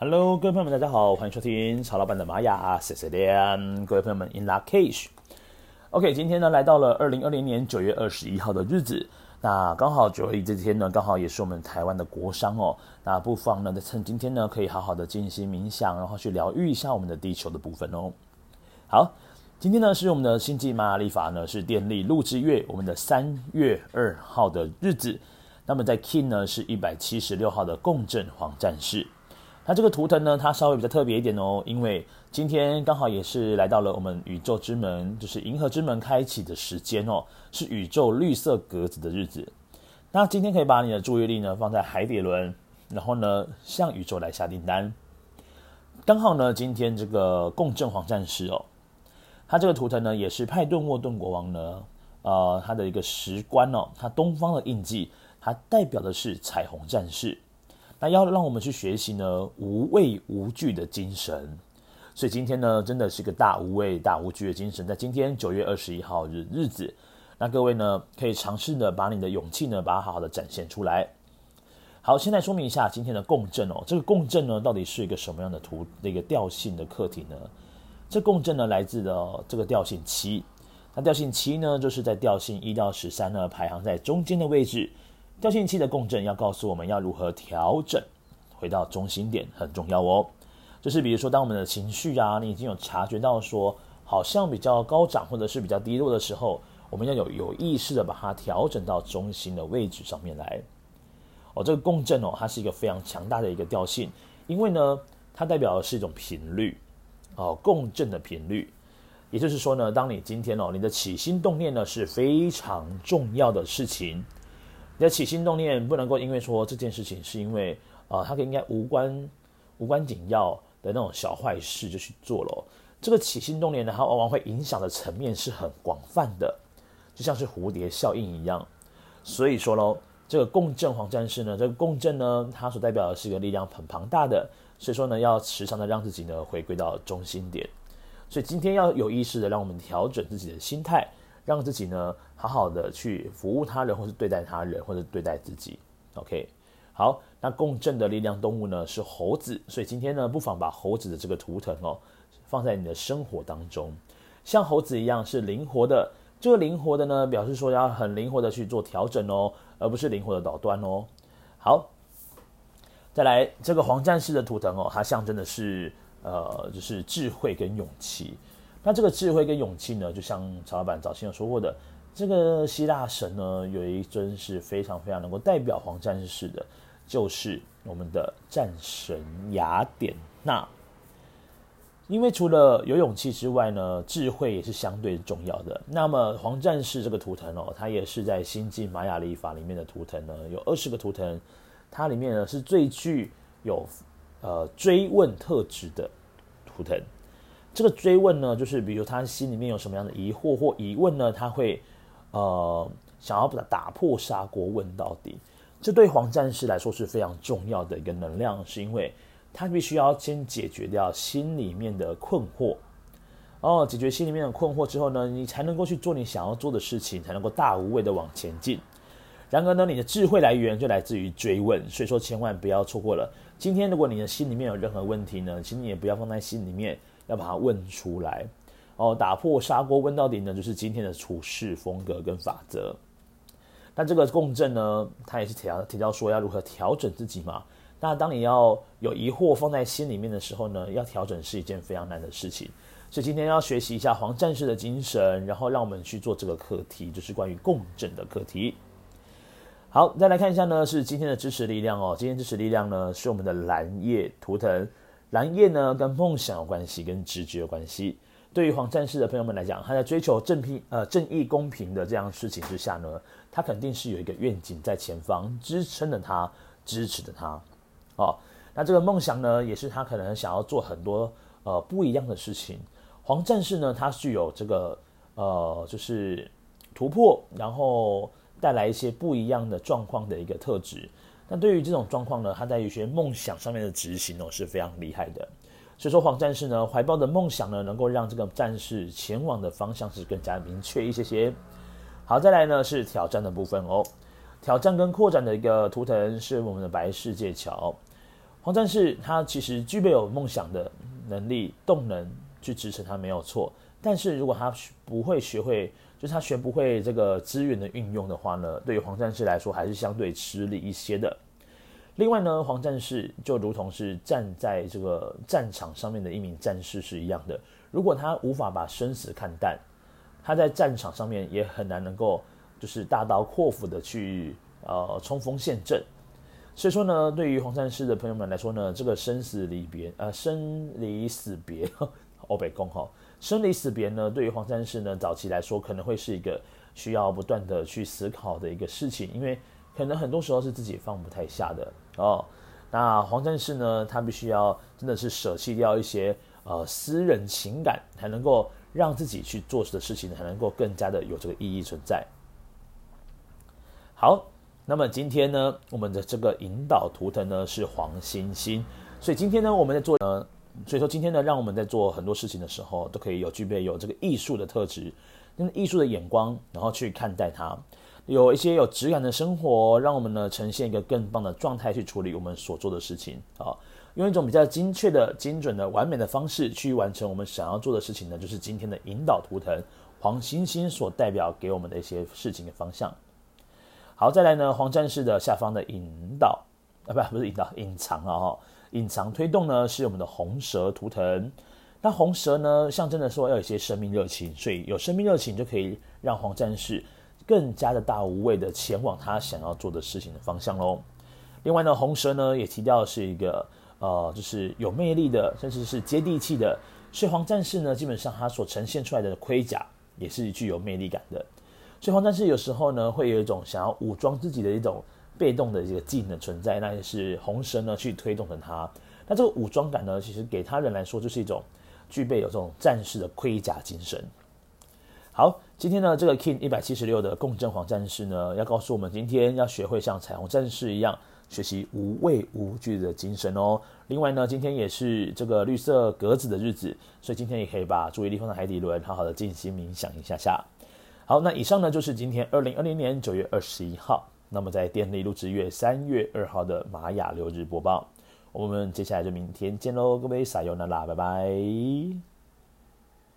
Hello，各位朋友們，大家好，歡迎收聽曹老闆的瑪雅。謝謝你啊，各位朋友們，In Lak'ech。OK，今天呢來到了二零二零年九月二十一號的日子，那剛好九月這幾天呢，剛好也是我們台灣的國殤哦。那不妨呢，再趁今天呢，可以好好的進行冥想，然後去療癒一下我們的地球的部分哦。好，今天呢是我們的星際瑪雅曆法呢，是電力鹿之月，我們的三月二號的日子。那麼在 Kin 呢，是一百七十六號的共振黃戰士。那這個圖騰呢，它稍微比較特別一點哦，因為今天剛好也是來到了我們宇宙之門，就是銀河之門開啟的時間哦，是宇宙綠色格子的日子。那今天可以把你的注意力呢放在海底輪，然後呢向宇宙來下訂單。剛好呢今天這個共振黃戰士哦，它這個圖騰呢也是派頓沃頓國王呢，呃，它的一個石棺哦，它東方的印記，它代表的是彩虹戰士。那要讓我們去學習呢，無畏無懼的精神，所以今天呢真的是個大無畏、大無懼的精神。在今天九月二十一號日日子，那各位呢可以嘗試呢把你的勇氣呢把它好好的展現出來。好，現在說明一下今天的共振哦，這個共振呢到底是一個什麼樣的圖？那個調性的課題呢？這共振呢來自的這個調性七，那調性七呢就是在調性一到十三呢排行在中間的位置。調性器的共振要告訴我們要如何調整，回到中心點很重要哦。就是比如說，當我們的情緒啊，你已經有察覺到說好像比較高漲或者是比較低落的時候，我們要有有意識的把它調整到中心的位置上面來。哦，這個共振哦，它是一個非常強大的一個調性，因為呢，它代表的是一種頻率哦，共振的頻率。也就是說呢，當你今天哦，你的起心動念呢，是非常重要的事情。那起心動念不能夠因為說這件事情是因為啊，呃，它應該無關無關緊要的那種小壞事就去做了哦。這個起心動念呢，它往往會影響的層面是很廣泛的，就像是蝴蝶效應一樣。所以說嘍，這個共振黃戰士呢，這個共振呢，它所代表的是一個力量很龐大的，所以說呢，要時常的讓自己呢回歸到中心點。所以今天要有意識的讓我們調整自己的心態。讓自己呢好好的去服務他人，或是對待他人，或者對待自己。OK，好，那共振的力量動物呢是猴子，所以今天呢不妨把猴子的這個圖騰哦放在你的生活當中，像猴子一樣是靈活的。這個靈活的呢表示說要很靈活的去做調整哦，而不是靈活的搗亂哦。好，再來這個黃戰士的圖騰哦，它象徵的是呃就是智慧跟勇氣。那這個智慧跟勇氣呢，就像曹老板早前有說過的，這個希臘神呢，有一尊是非常非常能夠代表黃戰士的，就是我們的戰神雅典娜。因為除了有勇氣之外呢，智慧也是相對重要的。那麼黃戰士這個圖騰哦，它也是在新紀瑪雅曆法裡面的圖騰呢，有二十個圖騰，它裡面呢是最具有呃追問特質的圖騰。這個追問呢，就是比如他心裡面有什麼樣的疑惑或疑問呢？他會，呃，想要打打破砂鍋問到底。這對黃戰士來說是非常重要的一個能量，是因為他必須要先解決掉心裡面的困惑。哦，解決心裡面的困惑之後呢，你才能夠去做你想要做的事情，才能夠大無畏的往前進。然而呢，你的智慧來源就來自於追問，所以說千萬不要錯過了。今天如果你的心裡面有任何問題呢，請你也不要放在心裡面。要把它問出來，哦，打破砂鍋問到底呢，就是今天的處事風格跟法則。那這個共振呢，他也是提提到說要如何調整自己嘛。那當你要有疑惑放在心裡面的時候呢，要調整是一件非常難的事情。所以今天要學習一下黃戰士的精神，然後讓我們去做這個課題，就是關於共振的課題。好，再來看一下呢，是今天的支持力量哦。今天支持力量呢，是我們的藍夜圖騰。藍夜呢，跟夢想有關係，跟直覺有關係。對於黃戰士的朋友們來講，他在追求正平呃正義公平的這樣事情之下呢，他肯定是有一個願景在前方支撐着他，支持着他。哦，那這個夢想呢，也是他可能想要做很多呃不一樣的事情。黃戰士呢，他具有這個呃，就是突破，然後帶來一些不一樣的狀況的一個特質。但對於這種狀況呢，他在有些夢想上面的執行呢、喔、是非常厲害的，所以說黃戰士呢懷抱的夢想呢，能夠讓這個戰士前往的方向是更加明確一些些。好，再來呢是挑戰的部分哦、喔，挑戰跟擴展的一個圖騰是我們的白世界橋。黃戰士他其實具備有夢想的能力動能去支撐他沒有錯，但是如果他不會學會。就是他學不會這個資源的運用的話呢，對於黃戰士來說還是相對吃力一些的。另外呢，黃戰士就如同是站在這個戰場上面的一名戰士是一樣的。如果他無法把生死看淡，他在戰場上面也很難能夠就是大刀闊斧的去呃衝鋒陷陣。所以說呢，對於黃戰士的朋友們來說呢，這個生死離別，呃，生離死別。北宮吼，生離死別呢，對於黃戰士呢，早期來說可能會是一個需要不斷的去思考的一個事情，因為可能很多時候是自己放不太下的哦。那黃戰士呢，他必須要真的是捨棄掉一些呃私人情感，才能夠讓自己去做的事情，才能夠更加的有這個意義存在。好，那麼今天呢，我們的這個引導圖騰呢是黃星星，所以今天呢，我們在做所以說，今天呢，讓我們在做很多事情的時候，都可以有具備有這個藝術的特質，用藝術的眼光，然後去看待它，有一些有質感的生活，讓我們呢呈現一個更棒的狀態去處理我們所做的事情啊，用一種比較精確的、精準的、完美的方式去完成我們想要做的事情呢，就是今天的引導圖騰黃星星所代表給我們的一些事情的方向。好，再來呢，黃戰士的下方的引導啊，不不是引導，隱藏了、哦、哈。隱藏推動呢是我們的紅蛇圖騰，那紅蛇呢象徵著說要有一些生命熱情，所以有生命熱情就可以讓黃戰士更加的大無畏的前往他想要做的事情的方向嘍。另外呢紅蛇呢也提到是一個呃就是有魅力的，甚至是接地氣的，所以黃戰士呢基本上他所呈現出來的盔甲也是具有魅力感的，所以黃戰士有時候呢會有一種想要武裝自己的一種被動的這個技能存在，那也是紅神呢去推動着它。那這個武裝感呢，其實給他人來說就是一種具備有這種戰士的盔甲精神。好，今天呢，這個 Kin 一百七十六的共振黃戰士呢，要告訴我們今天要學會像彩虹戰士一樣學習無畏無懼的精神哦。另外呢，今天也是這個綠色格子的日子，所以今天也可以把注意力放在海底輪，好好的靜心冥想一下下。好，那以上呢就是今天二零二零年九月二十一號，那麼，在電力錄製月三月二號的瑪雅流日播報，我們接下來就明天見嘍，各位撒優那拉，ara, 拜拜。